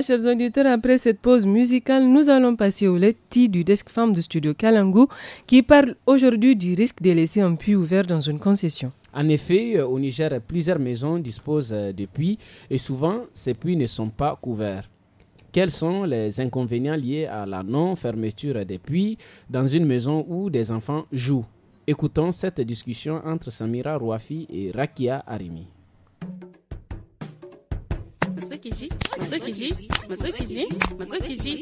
chers auditeurs, après cette pause musicale, nous allons passer au Letty du Desk Femme de Studio Kalangu qui parle aujourd'hui du risque de laisser un puits ouvert dans une concession. En effet, euh, au Niger, plusieurs maisons disposent euh, de puits et souvent ces puits ne sont pas couverts. Quels sont les inconvénients liés à la non-fermeture des puits dans une maison où des enfants jouent Écoutons cette discussion entre Samira Rouafi et Rakia Arimi. matsukiji matsukiji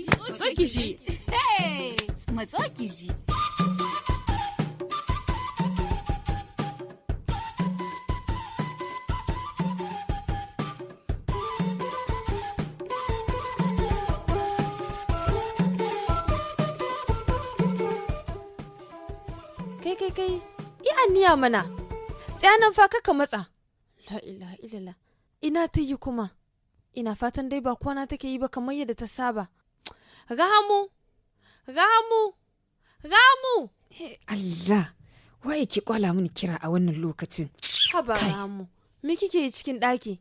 kai kai kai yi aniya mana tsayanan fa ka matsa ina ta yi kuma Ina fatan dai ba kwana take yi ba kamar yadda ta saba. Ramu! Ramu! Ramu! Allah! Waye ki kwala mini kira a wannan lokacin? Haba Ramu, me kike yi cikin ɗaki?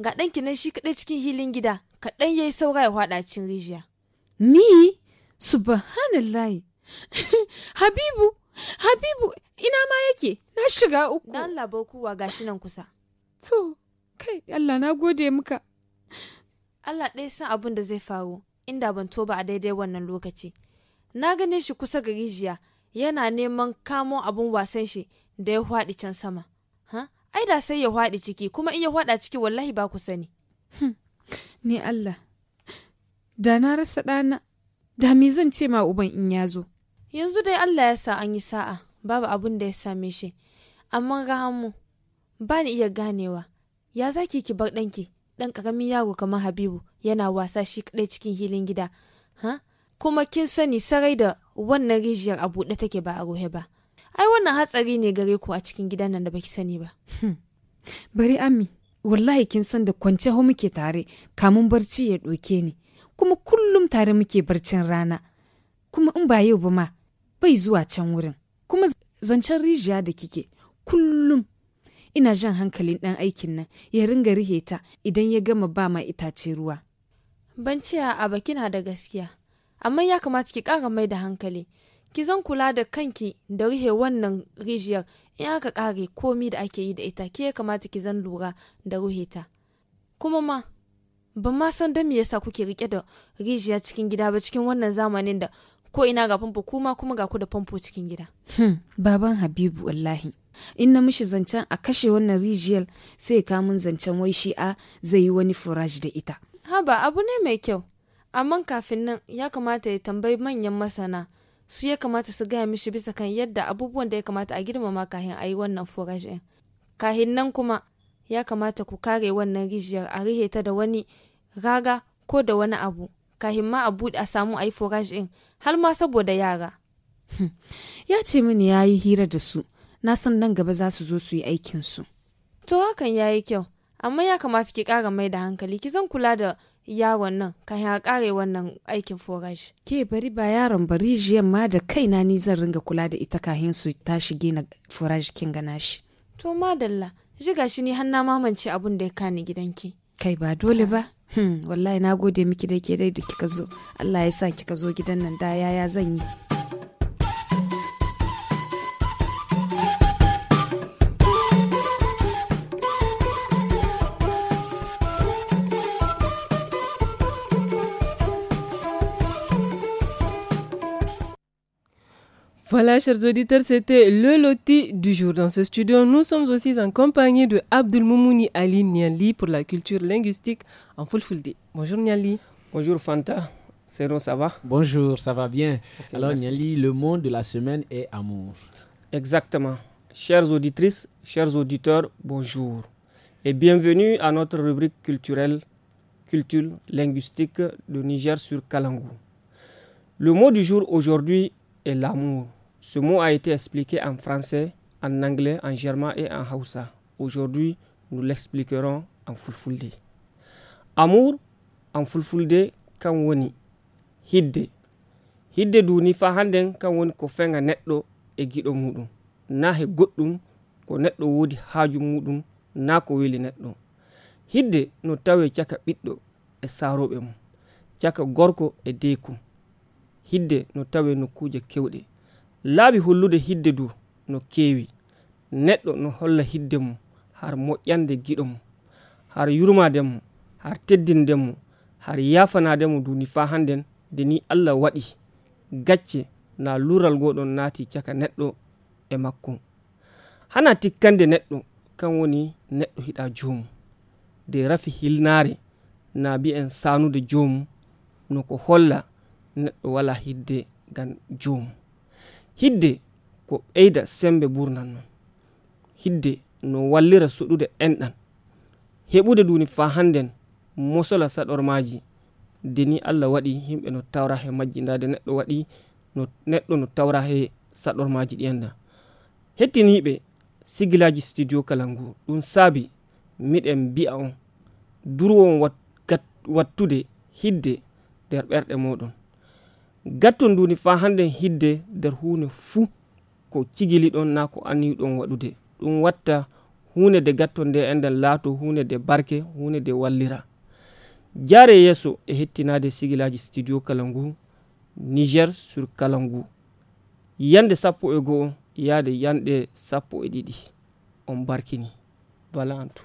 Ga ɗanki nan shi kaɗai cikin hilin gida, kaɗan yayi saura ya hwaɗa cin rijiya. Ni? subhanallah. *laughs* Habibu! Habibu! Ina ma yake, na shiga uku. Dan labar kuwa gashi nan kusa. To, kai, Allah na gode muka. Allah ɗaya san abin da zai faru inda ban toba a daidai wannan lokaci. Na gane shi kusa ga rijiya yana neman kamo abin wasan shi da ya hwaɗi can sama. Ha? Ai da sai ya hwaɗi ciki kuma iya ya hwaɗa ciki wallahi ba ku sani. Hmm. Ni Allah, da na rasa ɗana, da me zan ce ma uban in ya zo. Yanzu dai Allah ya sa an yi sa'a babu abin da ya same shi, amma ga mu ba ni iya ganewa, ya zaki ki bar ɗanki ɗan karamin yaro kamar habibu yana wasa shi kaɗai cikin hilin gida ha kuma kin sani sarai da wannan rijiyar a buɗe take ba a rohe ba ai wannan hatsari ne gare ku a cikin gidan nan da baki sani ba hmm. bari ami wallahi kin san da kwance ho muke tare kamun barci ya ɗoke ni kuma kullum tare muke barcin rana kuma in ba yau ba ma bai zuwa can wurin kuma zancen rijiya da kike kullum ina jan hankalin ɗan aikin nan ya ringa rihe idan ya gama ba ma itace ruwa. Ban ciya a bakina da gaskiya, amma ya kamata ki ƙara mai da hankali. Ki zan kula da kanki da rihe wannan rijiyar in aka ƙare komi da ake yi da ita ke ya kamata ki zan lura da ruheta Kuma ma, ban ma san don me yasa kuke rike da rijiya cikin gida ba cikin wannan zamanin da ko ina ga famfo kuma kuma ga ku da famfo cikin gida. Hmm, baban Habibu wallahi. in na mishi zancen a kashe wannan rijiyar sai ka mun zancen wai shi'a zai yi wani furaj da ita haba abu ne mai kyau amma kafin nan ya kamata ya tambayi manyan masana su ya kamata su gaya mishi bisa kan yadda abubuwan da ya kamata a girmama kahin a yi wannan forage ɗin kahin nan kuma ya kamata ku kare wannan rijiyar a rihe ta da wani raga ko da wani abu kahin ma a buɗe a samu a yi furaj ɗin har ma saboda yara *laughs* ya ce mini ya yi hira da su na san nan gaba za su zo su yi aikinsu. To hakan ya yi kyau, amma ya kamata ki kara mai da hankali, ki zan kula da yaron nan ka ya ƙare wannan aikin forage. Ke bari ba yaron bari jiyan ma da kaina ni zan ringa kula da ita kahin su ta shige gina forage kin gana shi. To madalla, ga shi ni har na mamance abin da ya kani gidanki. Kai ba dole ba. Hmm, wallahi na gode miki da ke dai da kika zo. Allah ya sa kika zo gidan nan da yaya zan yi. Voilà, chers auditeurs, c'était le loti du jour. Dans ce studio, nous sommes aussi en compagnie de Abdul Ali Niali pour la culture linguistique en Fulfulde. Bonjour Niali. Bonjour Fanta. C'est bon, ça va Bonjour, ça va bien. Alors Niali, le mot de la semaine est amour. Exactement. Chères auditrices, chers auditeurs, bonjour. Et bienvenue à notre rubrique culturelle, culture linguistique de Niger sur Kalangou. Le mot du jour aujourd'hui est l'amour. Ce mot a été expliqué en français, en anglais, en germain et en hausa. Aujourd'hui, nous l'expliquerons en fulfulde. Amour en fulfulde kan woni hidde. Hidde duni fa hannden kan woni ko fenga netto, e giɗo Nahe Na he goddum ko neɗɗo wodi haaju mudum na ko weli neɗɗo. Hidde no tawe caka e saroɓe mum, gorko e deku. Hidde no tawe de kewde. laaɓi hollude hidde du no keewi neɗɗo no holla hidde mum har moƴƴande giɗo mum har yurmade mo har teddinde mo har yafanade mo duni fa hannden nde ni allah waɗi gacce na lural goɗon naati caka neɗɗo e makko hana tikkande neɗɗo kan woni neɗɗo hiɗa joomum de rafi hilnaare na mbi'en saanude joomum no ko holla neɗɗo wala hidde gan joomum hidde ko ɓeyda sembe ɓurnan non hidde no wallira suɗude enɗan heɓude duni fa hannden mosola saɗormaji deni allah waɗi yimɓe no tawra he majji dade neɗɗo waɗi no neɗɗo no tawra he saɗormaji ɗiyanda hettiniɓe sigilaji studio kala ngu ɗum saabi miɗen mbi'a on durwon wattude hidde nder ɓerɗe moɗon gatton nduni fa hande hidde nder hunde fuu ko cigili ɗon na ko anni ɗon waɗude ɗum watta hunde de gatton nde enden laato hunde de barke hunde de wallira jare yeeso e hettinade sigilaji studio kala ngu niger sur kala ngu yande sappo e goo yaade yande sappo e ɗiɗi on barkini valantou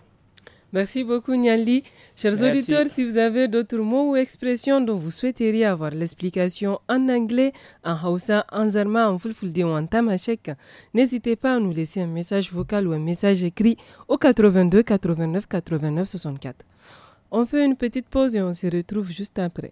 Merci beaucoup, Nyali. Chers auditeurs, si vous avez d'autres mots ou expressions dont vous souhaiteriez avoir l'explication en anglais, en Hausa, en Zarma, en Fulfulde ou en Tamashek, n'hésitez pas à nous laisser un message vocal ou un message écrit au 82 89 89 64. On fait une petite pause et on se retrouve juste après.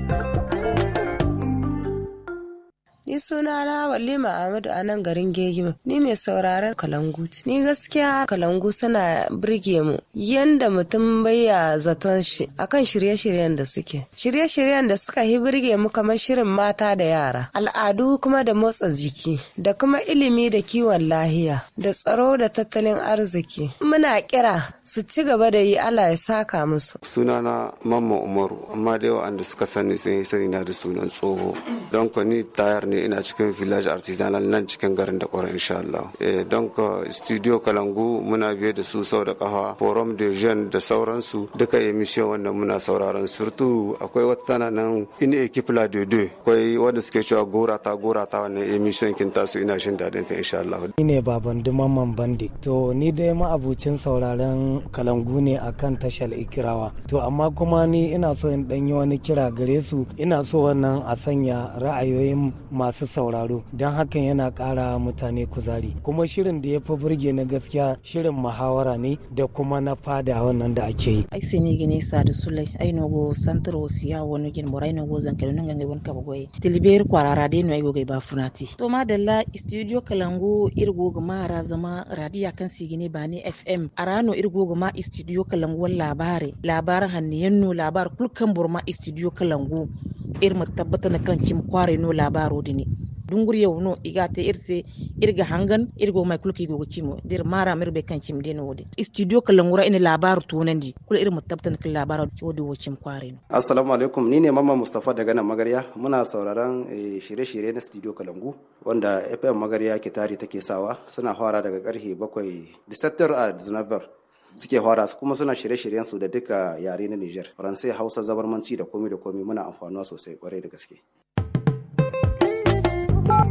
Ni suna na Walima Ahmadu a nan garin Gegima. Ni mai sauraron kalangu Ni gaskiya kalangu suna birge mu yanda mutum baya zaton shi akan shirye-shiryen da suke. Shirye-shiryen da suka yi birge mu kamar shirin mata da yara. Al'adu kuma da motsa jiki da kuma ilimi da kiwon lahiya da tsaro da tattalin arziki. Muna kira su ci gaba da yi Allah ya saka musu. Sunana mamma Umaru amma da yawa da suka sani sun yi sani na da sunan tsoho. Don kwani tayar ne ina cikin village artisanal nan cikin garin da kwarar insha Allah. Eh, don ka studio Kalangu muna biye da su sau da kafa forum de jeune da sauransu duka emission wannan muna sauraron surtu akwai wata tana nan in ekip la de deux akwai wanda suke cewa gora ta gora ta wannan emission kin tasu ina shin dadin ta insha Allah. Ni ne baban duman bandi to ni dai ma'abucin sauraron Kalangu ne akan tashar Ikirawa to amma kuma ni ina so in danyi wani kira gare su ina so wannan a sanya ra'ayoyin masu sauraro don hakan yana ƙara mutane kuzari kuma shirin da ya fi burge na gaskiya shirin muhawara ne da kuma na fada wannan da ake yi. ai sai ni gine sa da sulai ai no go santar wasiya wani gin mora ai no go zankare nun gangai wani kaba goye tilibiyar kwarara dai no ai gogai ba funati. to madalla studio kalangu irgo gama razama radiya kan si gine ba ne fm a rano irgo ma studio kalangu labari labar hanniyan no labar kulkan burma studio kalangu irma tabbata na kan cim kware no labaro gini dungur yew no te irse irga hangan irgo mai kulki gogo cimo dir mara mir be kancim de no wode studio ngura ina labaru tunandi kula irin mutabtan kala labaru wode wocim kware assalamu alaikum ni ne mama mustafa daga nan magarya muna sauraron eh, shirye-shirye na studio kalangu wanda FM magarya ke tare take sawa suna hawara daga karfe 7 sattar a 19 suke hawara su kuma suna shirye-shiryen su da duka yare na Niger. Faransai, Hausa, Zabarmanci da komi da komi muna amfanuwa sosai kwarai da gaske.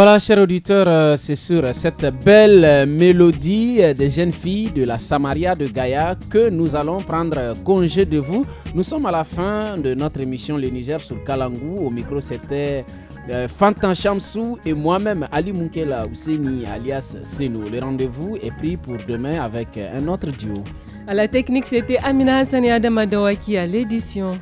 Voilà, chers auditeurs, euh, c'est sur cette belle mélodie des jeunes filles de la Samaria de Gaïa que nous allons prendre congé de vous. Nous sommes à la fin de notre émission Le Niger sur Kalangou. Au micro, c'était euh, Fantan Chamsou et moi-même Ali Munkela Ouseni alias Senou. Le rendez-vous est pris pour demain avec un autre duo. À la technique, c'était Amina Hassani qui a à l'édition.